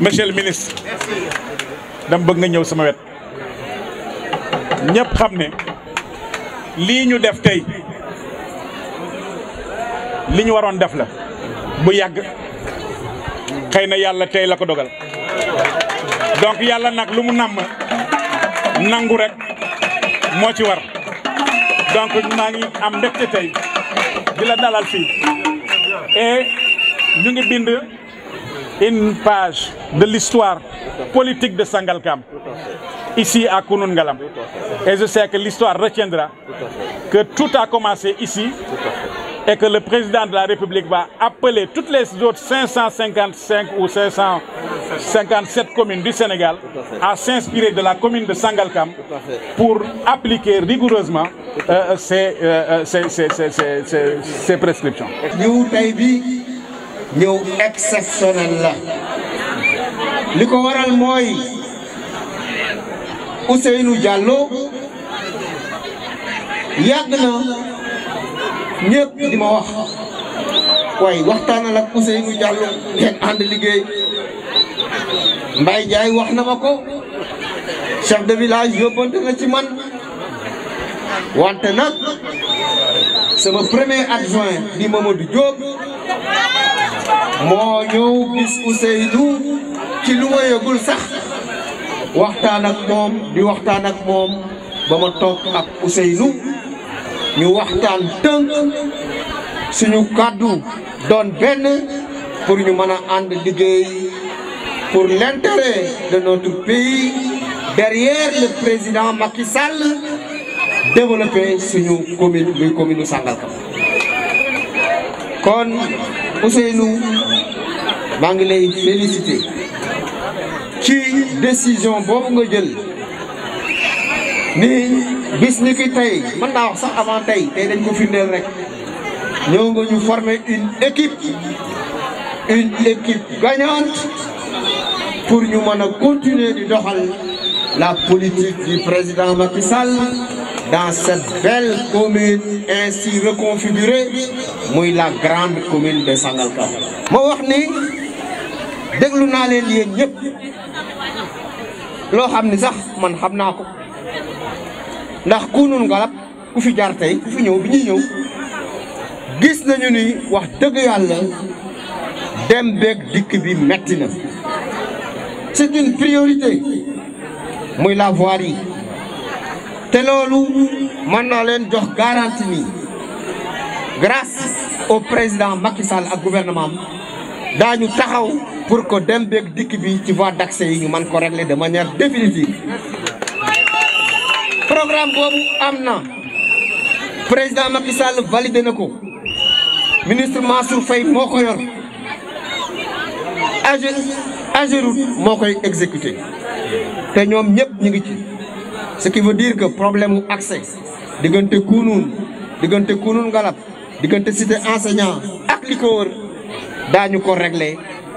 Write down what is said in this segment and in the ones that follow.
monsieur le ministre dama bëgg nga ñëw sama wet ñëpp xam ne lii ñu def tey li ñu waroon def la bu yàgg xëy na yàlla tey la ko dogal donc yàlla nag lu mu nàmm nangu rek moo ci war donc maa am mbégte tey di la dalal fii et ñu ngi bind une page de l'histoire politique de Sangalkam, ici à Kunungalam. Et je sais que l'histoire retiendra que tout a commencé ici et que le président de la République va appeler toutes les autres 555 ou 557 communes du Sénégal à s'inspirer de la commune de Sangalkam pour appliquer rigoureusement euh, euh, euh, ces, prescriptions. Nous, exceptionnel li ko waral mooy Ousseynou Diallo yàgg na ñëpp di ma wax waaye waxtaanal ak Ousseynou Diallo ngeen ànd liggéey Mbaye Ndiaye wax na ma ko chef de village yóbbante na ci man wante nag sama premier adjoint di Mamadou Diop moo ñëw gis Ousseynou ci lu ma yegul sax waxtaan ak mom di waxtaan ak mom bama tok ak Ousseynou ñu waxtaan teunk suñu kaddu don ben pour ñu mëna and ànd liggéey pour l'intérêt de notre pays derrière le président Macky Sall développer suñu commune muy commune Sangalkam kon Ousseynou maa ngi lay féliciter Qui décision bon nga jël ni nous avons ki former une équipe une équipe gagnante pour nous continuer de la politique du président Matissal dans cette belle commune ainsi reconfigurée la grande commune de San Je wax ni nous loo xam ne sax man xam naa ko ndax ku nun galab ku fi jaar tey ku fi ñëw bi ñuy ñëw gis nañu ni wax dëgg yàlla dem beeg dikk bi metti na c'est une priorité muy la voirie yi te loolu mën naa leen jox garantie ni grâce au président Macky Sall ak gouvernement am daañu taxaw pour que dem bek dik bi ci voie d'accès yi ñu mën ko régler de manière définitive programme bobu amna président Macky Sall valider nako ministre Mansour Faye moko yor agent agent moko exécuter té ñom ñep ñi ngi ci ce qui veut dire que problème accès digënté Kounoune digënté Kounoune galap digënté cité enseignant ak li wër ko régler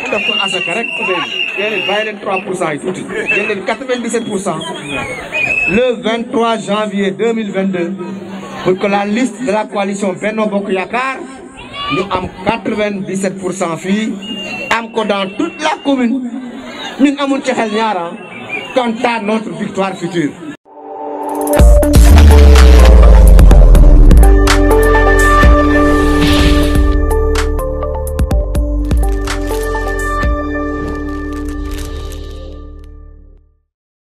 mu def ko asaka rek déedéet bàyyi leen 3 pour cent yi tuuti jël leen 97 pour cent le 23 janvier 2022 pour que la liste de la coalition Benno Bokk Yaakaar ñu am pour cent fii am ko dans toute la commune ñun amul ci xel ñaar quant à notre victoire future.